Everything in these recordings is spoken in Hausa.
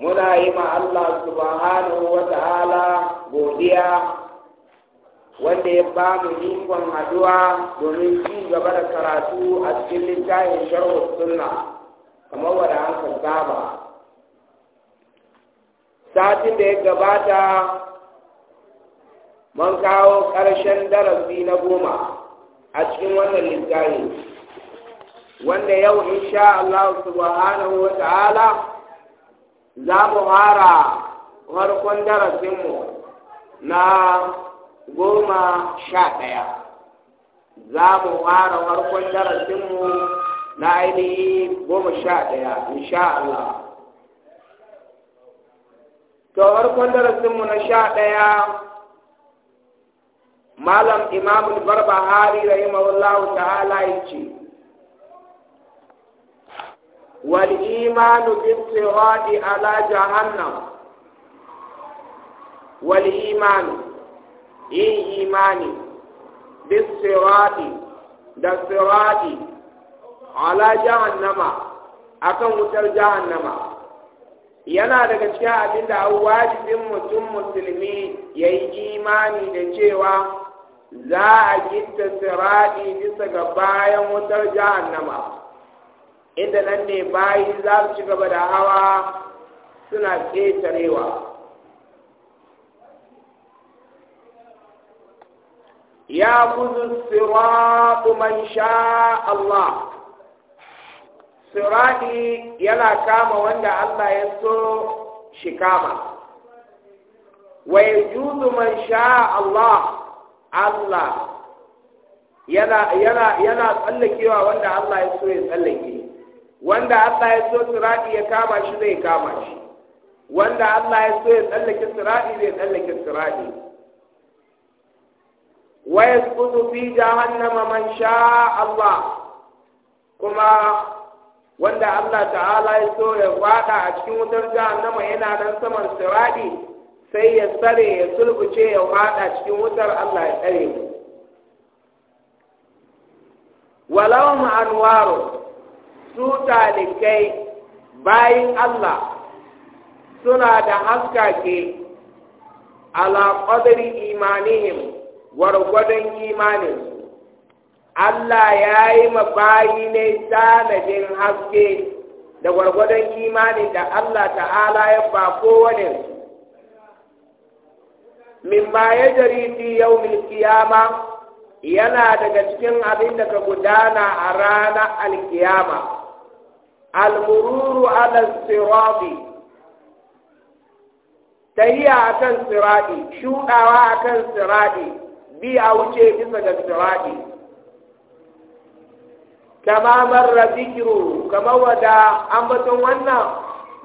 muna yi ma Allah subhanahu wa ta'ala godiya wanda ya ba mu ikon haduwa domin ci gaba da karatu a cikin littafin sharhu sunna kamar wanda an saba satin da ya gabata mun kawo ƙarshen darasi na goma a cikin wannan littafi wanda yau insha Allah subhanahu wa ta'ala za mu fara farkon darasinmu na goma sha ɗaya za mu fara farkon darasinmu na ainihi goma sha ɗaya insha Allah to farkon darasinmu na sha ɗaya malam imamul barbahari rahimahullahu ta'ala ya ce والإيمان بالصراط على جهنم والإيمان إيه إيماني بالصراط da sirati ala jahannama akan wutar jahannama yana daga cikin abin da wajibin mutum musulmi ya yi imani da cewa za a gitta sirati bisa ga bayan wutar jahannama inda nan ne bayi za su ci gaba da hawa suna ƙetarewa ya kuzu siratu man sha Allah sirati yana kama wanda Allah ya so shi kama wa yajuzu man sha Allah Allah yana yana yana tsallakewa wanda Allah ya so ya tsallake wanda Allah ya so sirati ya kama shi zai kama shi wanda Allah ya so ya tsallake tsiraɗi, zai tsallake Waye wa yasqutu fi jahannama man sha Allah kuma wanda Allah ta'ala ya so ya fada a cikin wutar jahannama yana nan saman tsiraɗi? sai ya tsare ya sulbuce ya fada cikin wutar Allah ya tsare walau su kai, bayin Allah suna da haskake ala qadri imanihim gwargwadon imanin Allah ya yi bayi ne tanadin haske da gwargwadon imanin da Allah ta'ala ya ba kowane min ba ya jari fi yau kiyama yana daga cikin abin da ka gudana a ranar alkiyama almururu ala sirati tahiya akan sirati shudawa akan sirati bi a wuce bisa ga sirati kama marra zikiru kama wada ambaton wannan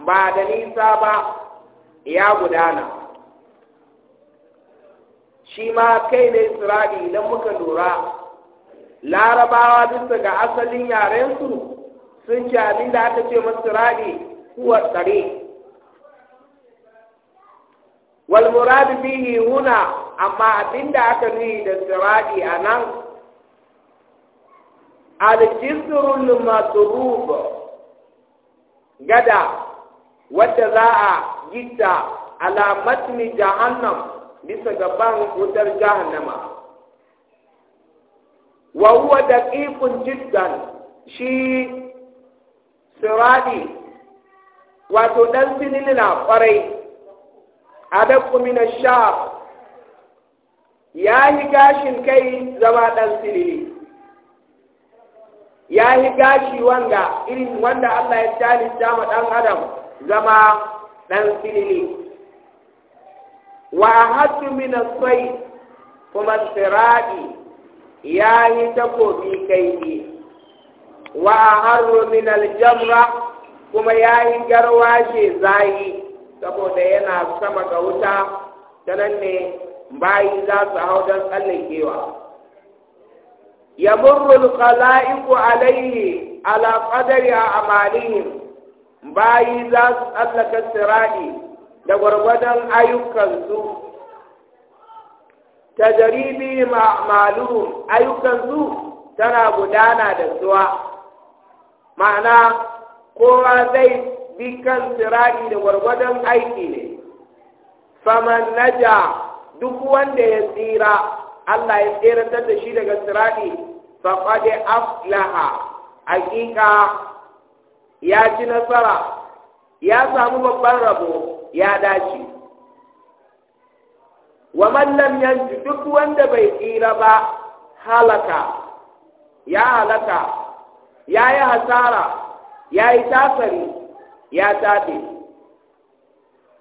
ba da nisa ba ya gudana shi ma kai ne sirati idan muka lura larabawa bisa ga asalin yarensu sun ci abin da aka ce masu raɗi kuwa tsare Walmurabi bihi huna amma abin da aka nuhi da siradi a nan al-jisrul gada wadda za a gita alamatni jahannam bisa gaban wutar jahannama wa huwa daqiqun jiddan shi siradi wato dan na kwarai adabku min ash-shaf ya yi gashin kai zama dan silili ya yi gashi wanda irin wanda Allah ya talista jama dan adam zama dan silili wa hatu min as-sayf kuma sirati ya yi takobi kai ne wa harru min aljamra kuma yayi ce zayi saboda yana sama ga wuta tanan ne bayi za su hau don tsallakewa yamurrul alqala'iqu alayhi ala qadari a'malihim bayi za su tsallaka sirai da gwargwadon ayyukansu tajaribi ma'maluhum ayyukansu tana gudana da zuwa ma'ana kowa zai bi kan sirari da gwargwadon aiki ne faman naja duk wanda ya tsira Allah ya tseratar da shi daga sirari faqad aflaha hakika ya ci nasara ya samu babban rabo ya dace wa mallam yanzu duk wanda bai tsira ba halaka ya halaka ya yi hasara ya yi tasari ya tafi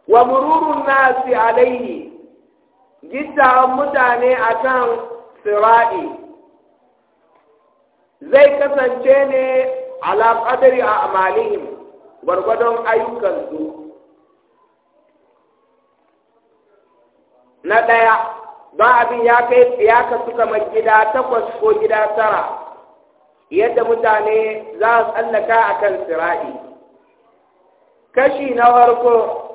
wa mururun nasi alaihi gita mutane a akan sira'i zai kasance ne ala qadri a amalihim gwargwadon ayyukansu na ɗaya ba abin ya kai ya kasu kamar gida takwas ko gida tara yadda mutane za su tsallaka a kan sira'i kashi na farko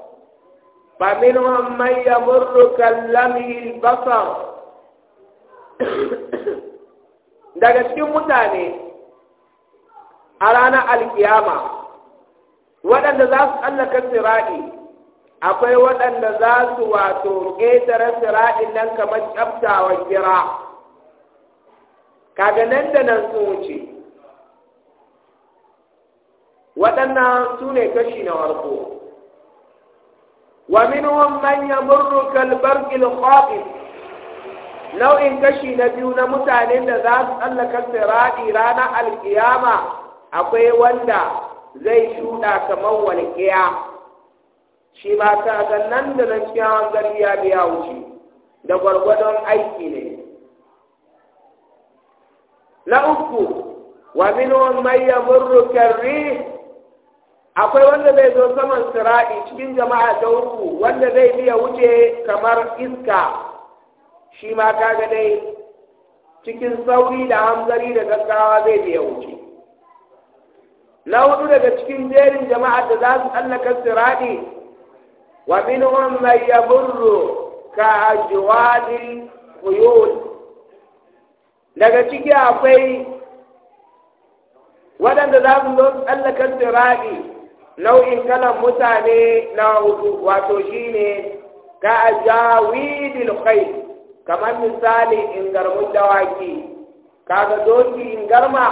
mai ya murru kallon basar daga cikin mutane a ranar alkiyama waɗanda za su tsallaka siraɗi akwai waɗanda za su wato ƙetare siraɗin nan kamar tsabtawa kira kaga nan da nan sun wuce waɗannan su ne kashi na farko wa minhum man yamurru kal khabith nau'in kashi na biyu na mutanen da za su tsallaka siradi ranar alkiyama akwai wanda zai shuɗa kamar walƙiya shi ma nan da nan cikin gari ya biya wuce da gwargwadon aiki ne na uku wa minhum man akwai wanda zai zo saman sira'i cikin jama'a ta uku wanda zai biya wuce kamar iska shi ma kaga dai cikin sauri da hanzari da gaggawa zai biya wuce na hudu daga cikin jerin jama'a da za su tsallaka sira'i wa minhum man yamurru ka ajwadil khuyul daga ciki akwai waɗanda za su zo tsallakar sirari nau'in kalan mutane na hudu wato shi shine ka ajawidil kai kamar misali in ingarmun dawaki kaga doki garma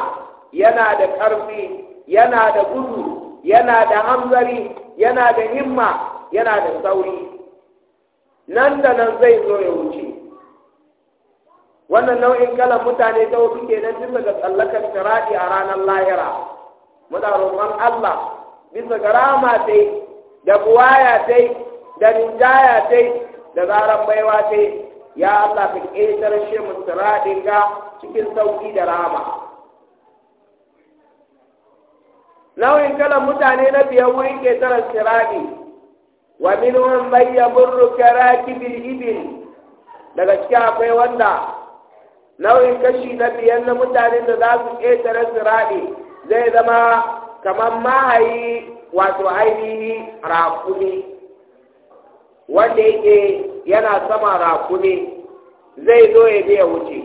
yana da ƙarfi yana da gudu yana da hamzari yana da himma yana da sauri nan da nan zai zo ya wuce wannan nau'in kalan mutane ta hudu kenan tun daga tsallakar shara'i a ranar lahira muna roƙon Allah bisa ga rama ta da buwaya ta da ninjaya ta da zaran baiwa ta ya Allah ka ƙetar shi mu ga cikin sauƙi da rama nau'in kalan mutane na biyar wurin ƙetarar sharaɗi wa minuwan bayyabin yaburru karakibil daga cikin akwai wanda nau'in kashi na biyan na mutanen da za su ƙetare siraɗi zai zama kamar mahayi wato ainihi rakuni wanda yake yana sama rakuni zai zo ya biya wuce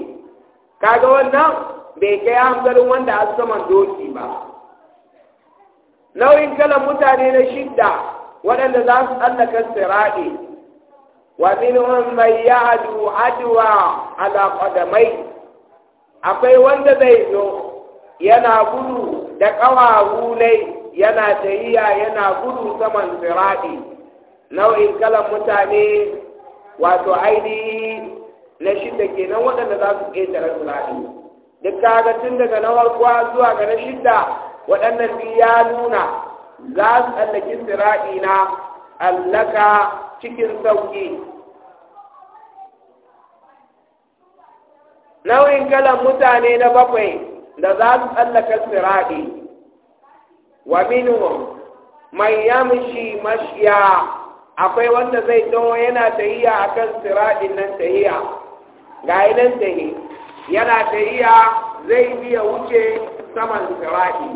kaga wannan bai kai hankalin wanda a saman doki ba nau'in kalan mutane na shidda waɗanda za su tsallaka siraɗi ومنهم من يعدو عدوى على قدميه akwai wanda zai zo yana gudu da ƙawawu hulai, yana tayiya yana gudu saman siradi nau'in kalan mutane wato ainihi na shidda kenan waɗanda za su ƙetare siradi duk kaga tun daga na kuwa zuwa ga na shidda waɗannan biyu ya nuna za su tsallaki tsiraɗi na allaka cikin sauki nau'in kalan mutane na bakwai da za su tsallaka siraɗi wa minhum mai yamshi mashiya akwai wanda zai taho yana tahiya akan siraɗin nan tahiya ga nan tahi yana tahiya zai biya wuce saman siraɗi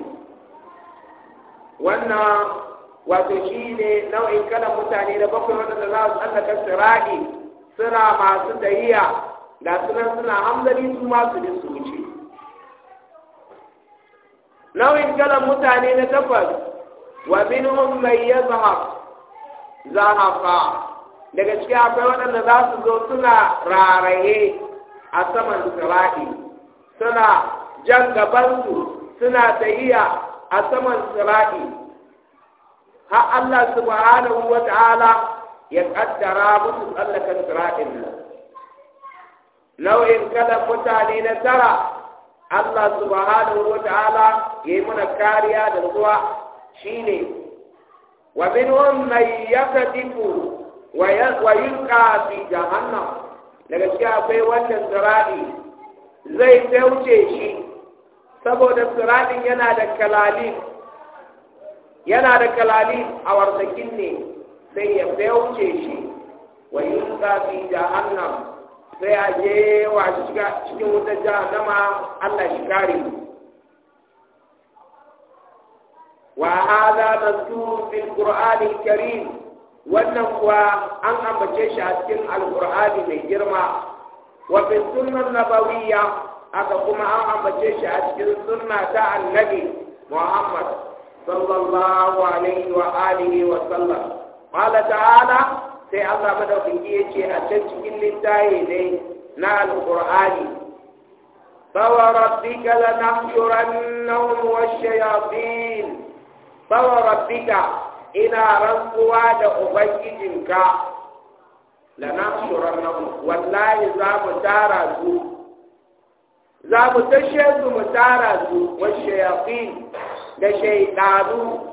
wannan wato shi ne nau'in kalan mutane da bakwai waɗanda za su tsallaka sirahi suna masu dahiya da sunan suna hamzari su masu da su wuce nau'in kalan mutane na takwas wa minhum mai ya zahafa daga ciki akwai waɗanda za su zo suna raraye a saman sirahi suna jan gabansu suna dahiya a saman sirahi har Allah subhanahu wa ta'ala ya kaddara musu tsallakan siratin nan nau'in kada mutane na tara Allah subhanahu wa ta'ala ya yi mana kariya da zuwa shine wa minhum man yakadifu wa yulqa fi jahannam daga shi akwai wancan sirati zai tauce shi saboda siratin yana da kalalin yana da kalali a warsakin ne sai ya bauce shi wa yunka fi jahannam sai a je wa cikin wuta jahannama Allah shi kare wa hada mazkur fi karim wannan kuwa an ambace shi a cikin alqur'ani mai girma wa fi sunnah nabawiyya aka kuma an ambace shi a cikin sunna ta annabi Muhammad صلى الله عليه وآله وسلم قال تعالى sai Allah madaukaki ya ce a can cikin littaye ne na alƙur'ani bawa rabbika la nahsurannahum washayatin bawa rabbika ina rantsuwa da ubangijinka la nahsurannahum wallahi za mu tara su za mu tashe su mu tara su washayatin da shaidanu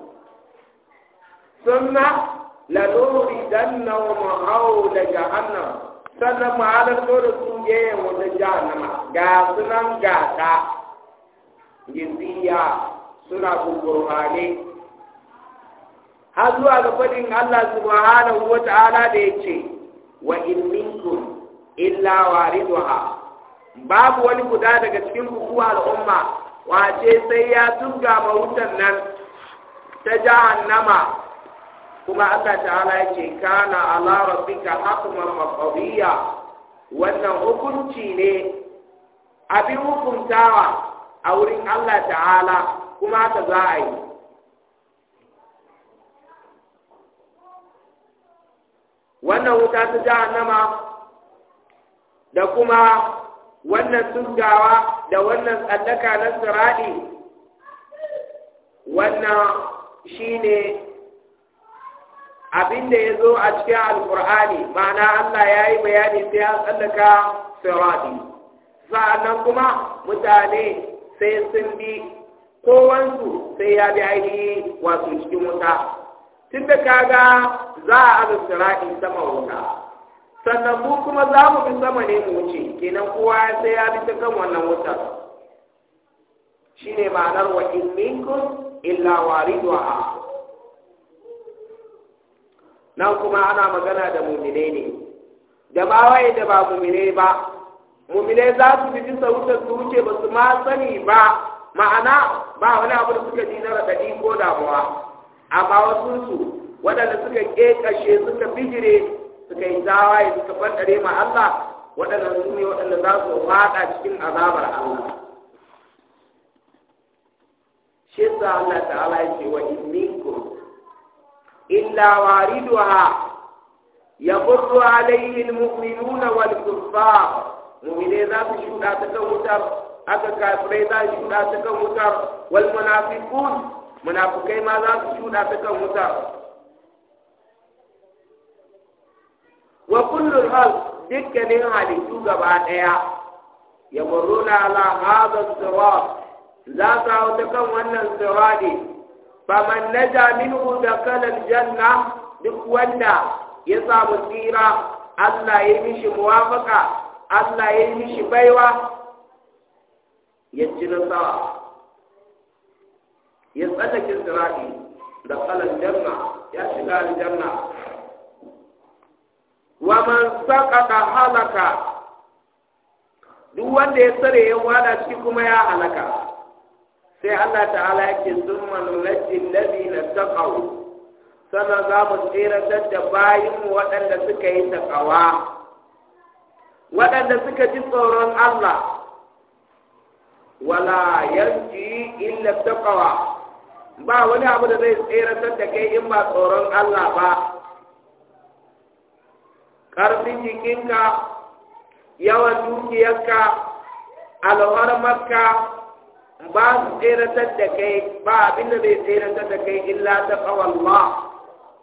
sunna lalori dan na mahau da jahannam sannan mu halarto da su yayin wata jahannama ga sunan gata giziya suna kukurhane har zuwa ga faɗin Allah subhanahu wa ta'ala da ya ce wa in minkum illa wariduha babu wani guda daga cikin hukuma al'umma wace sai ya tunga ma wutan nan ta jahannama kuma Allah ta'ala yake kana ala rabbika haqman maqdiya wannan hukunci ne abin hukuntawa a wurin Allah ta'ala kuma ta za a yi wannan wuta ta nama, da kuma wannan tuzgawa da wannan tsallaka na siradi wannan shine abin da ya zo a cikin alkur'ani ma'ana Allah ya yi bayani sai an tsallaka siradi sa'annan kuma mutane sai sun bi kowansu sai ya bi ainihi wasu cikin wuta tun da kaga za a abin siradi sama wuta sannan mu kuma za mu bi sama ne mu wuce kenan kowa sai ya bi ta kan wannan wutar shine ma'anar wa in minkum illa waridha nan kuma ana magana da mumine ne da ba waye da ba mumine ba mumine za su bi wutar su wuce ba su ma sani ba ma'ana ba wani abu da suka ji na raɗaɗi ko damuwa amma wasu su waɗanda suka ƙeƙashe suka bijire suka yi tawaye suka bandare ma Allah waɗannan su ne waɗanda za su faɗa cikin azabar Allah shi sa Allah ta'ala ya ce wa minkum illa wariduha yaqulu alayhi almu'minuna wal kuffar mu'mine za su shuɗa ta kan wutar aka kafire za su shuɗa ta kan wutar wal munafiqun munafikai ma za su shuɗa ta kan wutar wa kullul hal dukkanin halittu gaba ɗaya ya na ala hada sirat za ta wata kan wannan ne. sirati na naja minhu dakala janna duk wanda ya samu tsira Allah ya mishi muwafaka Allah ya mishi baiwa ya ci nasara ya tsallake ne da kalan janna ya shiga aljanna wa man saqata halaka duk wanda ya tsare ya wada shi kuma ya halaka sai Allah ta'ala yake zumma nulaji na takawu sannan za mu tseratar da bayin waɗanda suka yi takawa waɗanda suka ji tsoron Allah wala yanji illa takawa ba wani abu da zai tseratar da kai in ba tsoron Allah ba ƙarfin jikinka yawan dukiyarka alwarmarka ba su tseratar da kai ba abin da zai tseratar da kai illa ta ƙawalla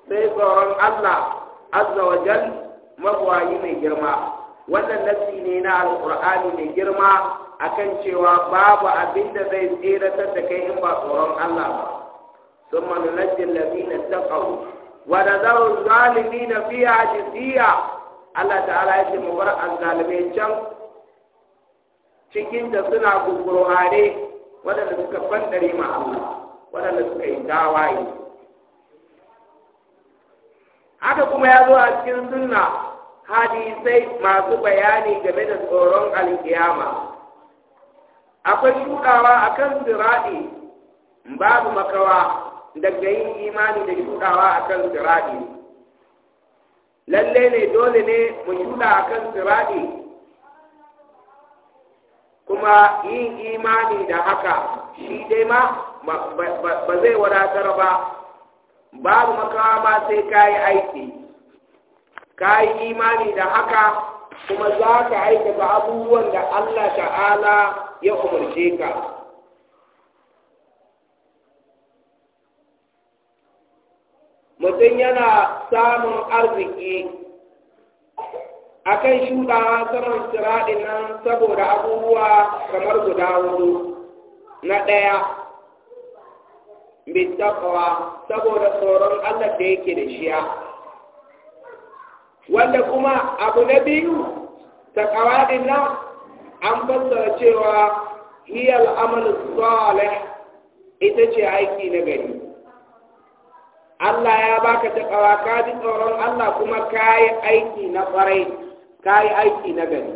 sai tsoron Allah azza wa jal mai girma wannan nasi ne na alƙur'ani mai girma akan cewa babu abin da zai tseratar da kai in ba tsoron Allah ba sun manunajin lafi na taƙawo wadda zaun zalimi na fiya jisiya Allah ta'ala ya ce mu bar azzalimai can cikin da suna gugurhare waɗanda suka fandare ma Allah waɗanda suka yi dawaye. haka kuma ya zo a cikin sunna hadisai masu bayani game da tsoron alkiyama akwai shuɗawa kan ziraɗi babu makawa daga yin imani da shuɗawa kan ziraɗi lalle ne dole ne mu shuda a kan siradi kuma yin imani da haka shi dai ma ba zai wadatar ba babu makawa ba sai ka yi aiki ka yi imani da haka kuma za ka aikata abubuwan da Allah ta'ala ya umarce ka mutum yana samun arziki a kan shuɗawa saman siraɗin nan saboda abubuwa kamar guda hudu na ɗaya bittaqwa saboda tsoron Allah da yake da shiya wanda kuma abu na biyu ta din nan an fassara cewa hiyar al-amal ita ce aiki na gari Allah ya baka taɓawa ka ji tsoron Allah kuma ka yi aiki na ƙwarai ka yi aiki na gari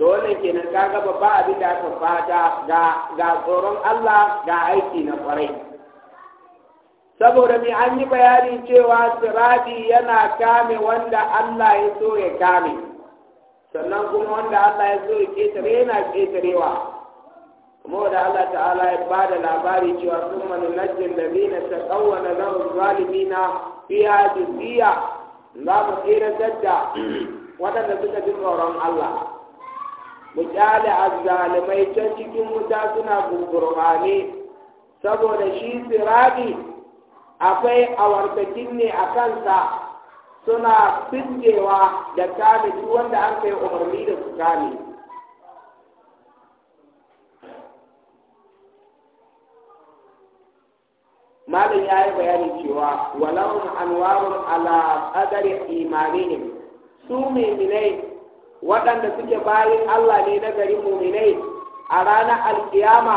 to wannan kenan ka ga ba abin da aka fata ga tsoron Allah ga aiki na ƙwarai saboda mai an yi bayani cewa sirati yana kame wanda Allah ya so ya kame sannan kuma wanda Allah ya so ya ƙetare yana ƙetarewa kuma wanda Allah ta'ala ya ba da labari cewa sun manu najin da zina ta ƙawwana lahun fiye fiya jisiya za mu ƙiratar da waɗanda suka ji tsoron Allah mu a zalimai can cikin wuta suna gurgurmane saboda shi sirari akwai awartakin ne a kansa suna fitkewa da kame duk wanda an kai umarni da su kame malam ya yi bayani cewa walahun anwarun ala qadari imanihim su mu'minai waɗanda suke bayan Allah ne na gari mu'minai a ranar alkiyama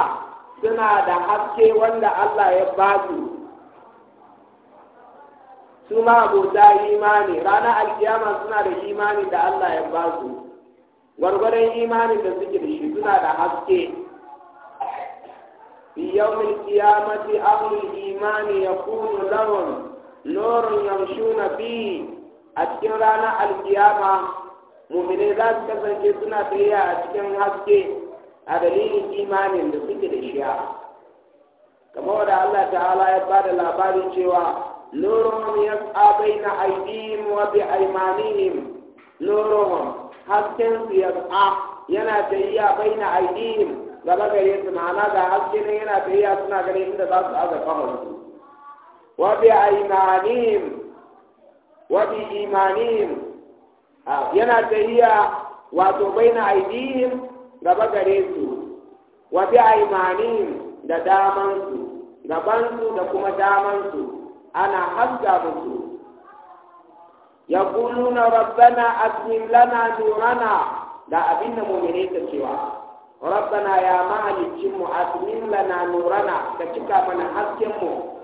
suna da haske wanda Allah ya ba su su ma abota imani rana alkiyama suna da imanin da Allah ya ba su gwargwaron imanin da suke da shi suna da haske fi yawmin qiyamati ya imani launin lorin yamshu na bi a cikin ranar alkiyama mummine za su kasance suna tsaye a cikin haske a dalilin imanin da suke da shi kamar da Allah ta'ala ya ba da labarin cewa نورهم يسعى بين أيديهم وبأيمانهم نورهم hasken su yas'a yana tayyiya baina aidihim gaba gare su ma'ana ga haske yana tayyiya suna gare inda za su aza kamar su wa bi aymanihim wa bi imanihim yana wato baina aidihim gaba gare su wa bi aymanihim da damansu su da kuma damansu. ana hamza musu yaquluna rabbana atmim lana nurana da abin da mu'mini ta cewa rabbana ya ma'alicin mu atmim lana nurana ka cika mana hasken mu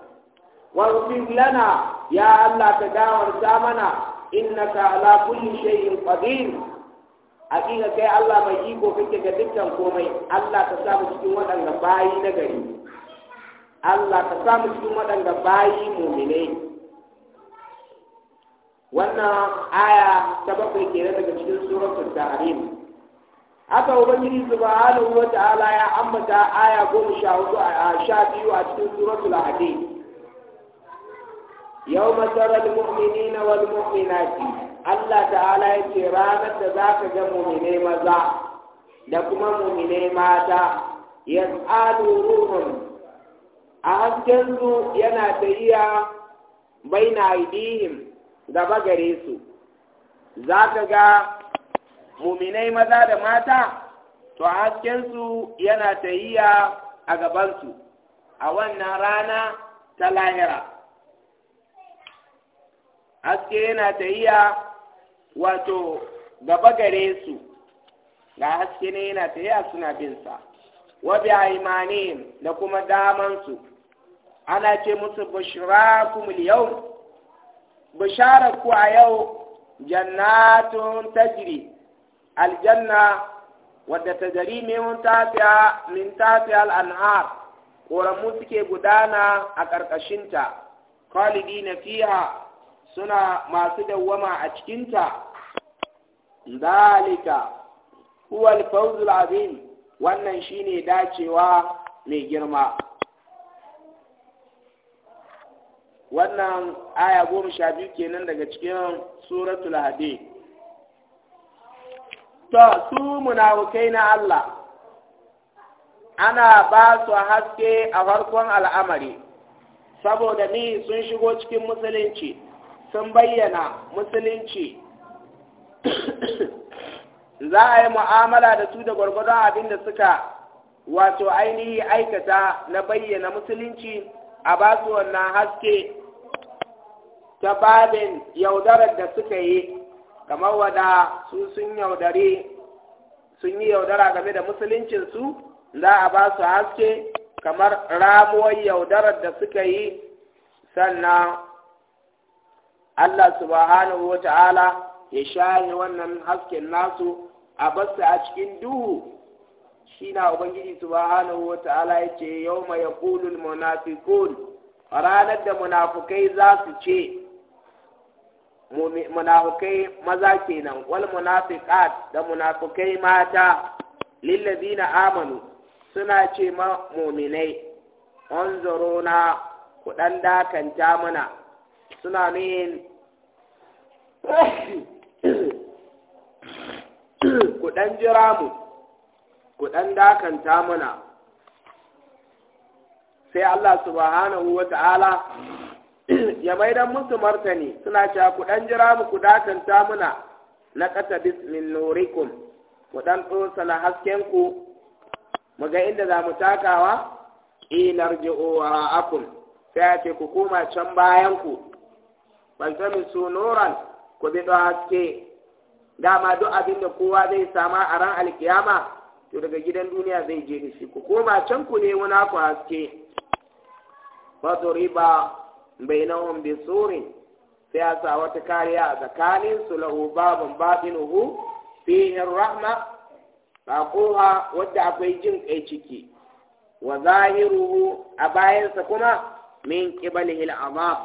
waghfir lana ya Allah ka gawarta mana innaka ala kulli shay'in ƙi hakika kai Allah mai iko kake ga dukkan komai Allah ka samu cikin waɗanda bayi na gari Allah ka sa mu cikin waɗanda bayi muminai wannan aya ta bakwai kenan daga cikin suratul tahrim haka ubangiji subhanahu wa ta'ala ya ambata aya goma sha hudu a sha biyu a cikin suratul hadid yawma tara al-mu'minina wal mu'minati Allah ta'ala ce ranar da za ka ga mu'minai maza da kuma mu'minai mata yas'alu ruhum a hasken su yana tafiya baina aidihim gaba gare su za ka ga muminai maza da mata to a hasken su yana iya a gabansu a wannan rana ta lahira haske yana ta iya wato gaba gare su ga haske ne yana ta iya suna binsa wa bi da kuma damansu ana ce musu bushrakum al-yawm ku a yau jannatun tajiri aljanna wadda ta gari min tafiya min tafiya suke gudana a ƙarƙashinta na fiha suna masu dawwama a cikinta dalika huwa al wannan shine dacewa mai girma wannan aya goma sha biyu kenan daga cikin suratul hadi to su munafukai na Allah ana ba su haske a farkon al'amari saboda ni sun shigo cikin musulunci sun bayyana musulunci za a yi mu'amala da su da gwargwadon abin da suka wato ainihi aikata na bayyana musulunci a ba su wannan haske ta babin yaudarar da suka yi kamar wada su sun yaudare sun yi yaudara game da musuluncinsu za a ba su haske kamar ramuwar yaudarar da suka yi sannan Allah subhanahu wa ta'ala ya shaye wannan hasken nasu a basu a cikin duhu shi na Ubangiji subhanahu wa ta'ala ya ce yau mai ya ranar da munafukai za su ce munafukai maza kenan wal munafiqat da munafukai mata lillazina amanu suna ce ma muminai anzuruna ku dan dakanta mana suna nuyin ku dan jira mu ku dan dakanta mana sai Allah subhanahu wa ta'ala ya maidan musu martani suna cewa ku dan jira mu ku dakanta muna na kasa bismin nurikum ku dan na hasken ku mu ga inda za mu takawa inar ji'o wara'akum sai ce ku koma can bayan ku baltami su nuran ku bi don haske dama duk abin da kowa zai sama a ran alkiyama to daga gidan duniya zai je da shi ku koma can ku ne wani ku haske ba bainahum bi surin sai a sa wata kariya a tsakanin su lahu babun batinuhu fihi rahma baquha wadda akwai jin kai ciki wa zahiruhu a bayansa kuma min qibalihi al'azab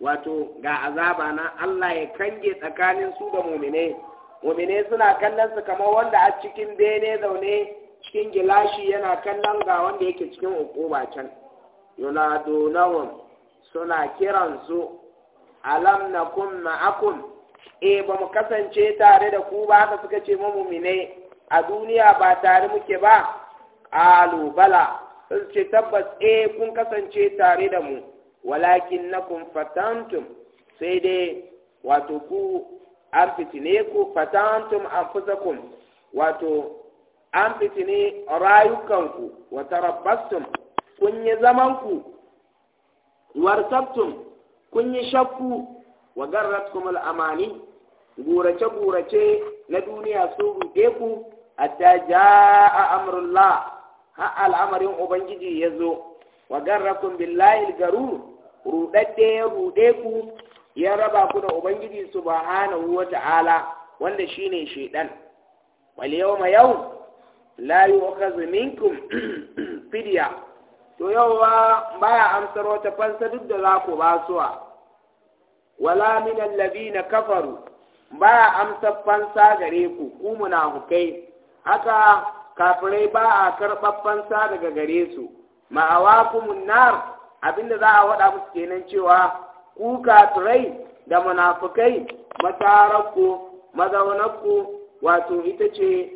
wato ga azaba na Allah ya kange tsakanin su da mu'mine mu'mine suna kallon su kamar wanda a cikin bene zaune cikin gilashi yana kallon ga wanda yake cikin ukuba can yunadunahum suna kiransu alam na kun ma'akun e eh, ba mu kasance tare da ku ba haka suka ce mamumine a duniya ba tare muke ba alubala sun ce tabbas e kun kasance tare da mu walakin na kun fatantum sai dai wato ku an fitine ku fatantum an kun? wato an fitine rayukanku wata rabbastum kun yi zamanku warsabtum kun yi shakku wa garratkum al'amani gurace-gurace na duniya su ruɗe ku hatta ja'a amrullah ha al'amarin ubangiji ya zo wa garrakum billahi garu ruɗaɗɗe ya ruɗe ku ya raba ku da ubangiji su subhanahu wuwa ta'ala wanda shine shaidan wal yawma yau la yu'khadhu minkum fidya to yau ba baya amsar wata fansa duk da za ku ba suwa wala min allazina kafaru baya amsar fansa gare ku ku munafukai haka kafirai ba a karɓar fansa daga gare su ma'awakumun nar abinda za a waɗa musu kenan cewa ku kafirai da munafukai masararku mazaunarku wato ita ce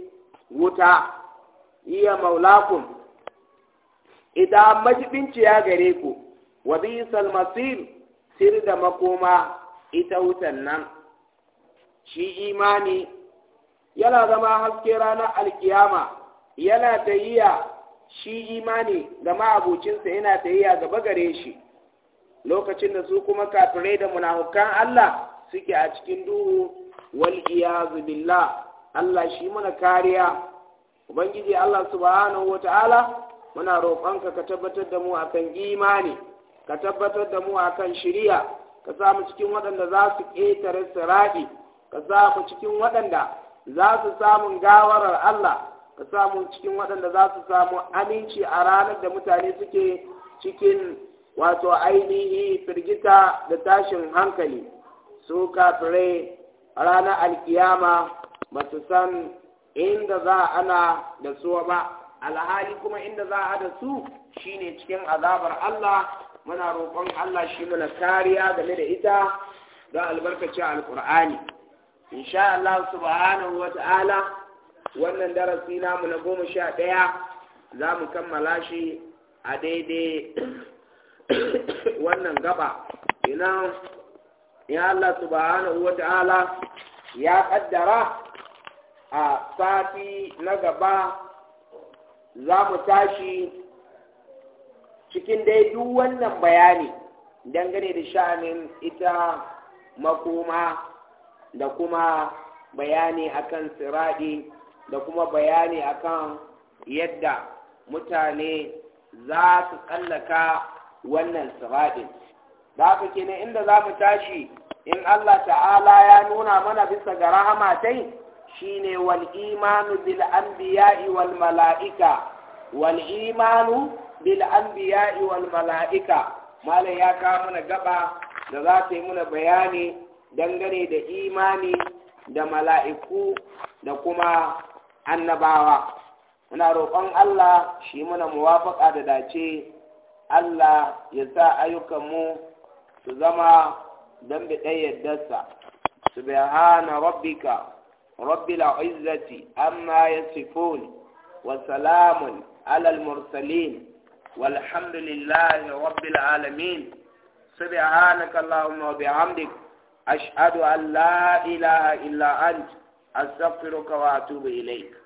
wuta iya maulakun idan majibinci ya gare ku wa bisal masir sir da makoma ita wutan nan shi imani yana zama haske ranar alkiyama yana tayiya shi imani ga ma'abucinsa yana tayiya gaba gare shi lokacin da su kuma kafirai da munafukan Allah suke a cikin duhu wal iyazu billah Allah shi mana kariya ubangiji Allah subhanahu wataala muna roƙonka ka tabbatar da mu akan imani ka tabbatar da mu akan shiriya ka sa mu cikin waɗanda za su ƙetare siraɗi ka sa mu cikin waɗanda za su samu gawarar Allah ka sa mu cikin waɗanda za su samu aminci a ranar da mutane suke cikin wato ainihi firgita da tashin hankali su kafirai ranar alkiyama ba san inda za ana da su ba alhali kuma inda za a da su shine cikin azabar Allah muna roƙon Allah shi mana kariya game da ita don albarkacin alƙur'ani insha Allah subhanahu wa ta'ala wannan darasi namu na goma sha ɗaya za mu kammala shi a daidai wannan gaba ina ya Allah subhanahu wa ta'ala ya ƙaddara a sati na gaba za mu tashi cikin dai duk wannan bayani dangane da sha'anin ita makoma da kuma bayani akan siradi da kuma bayani akan yadda mutane za su tsallaka wannan siradin Za ka kenan inda za mu tashi in Allah ta'ala ya nuna mana bisa ga rahama yi? shine wal imanu bil anbiya'i wal mala'ika wal imanu bil anbiya'i wal mala'ika malam ya kawo mana gaba da za ta yi mana bayani dangane da imani da mala'iku da kuma annabawa muna roƙon Allah shi muna muwafaƙa da dace Allah ya sa ayyukanmu su zama don biɗayyar dasa subhana rabbika رب العزة أما يصفون وسلام على المرسلين والحمد لله رب العالمين سبحانك اللهم وبحمدك أشهد أن لا إله إلا أنت أستغفرك وأتوب إليك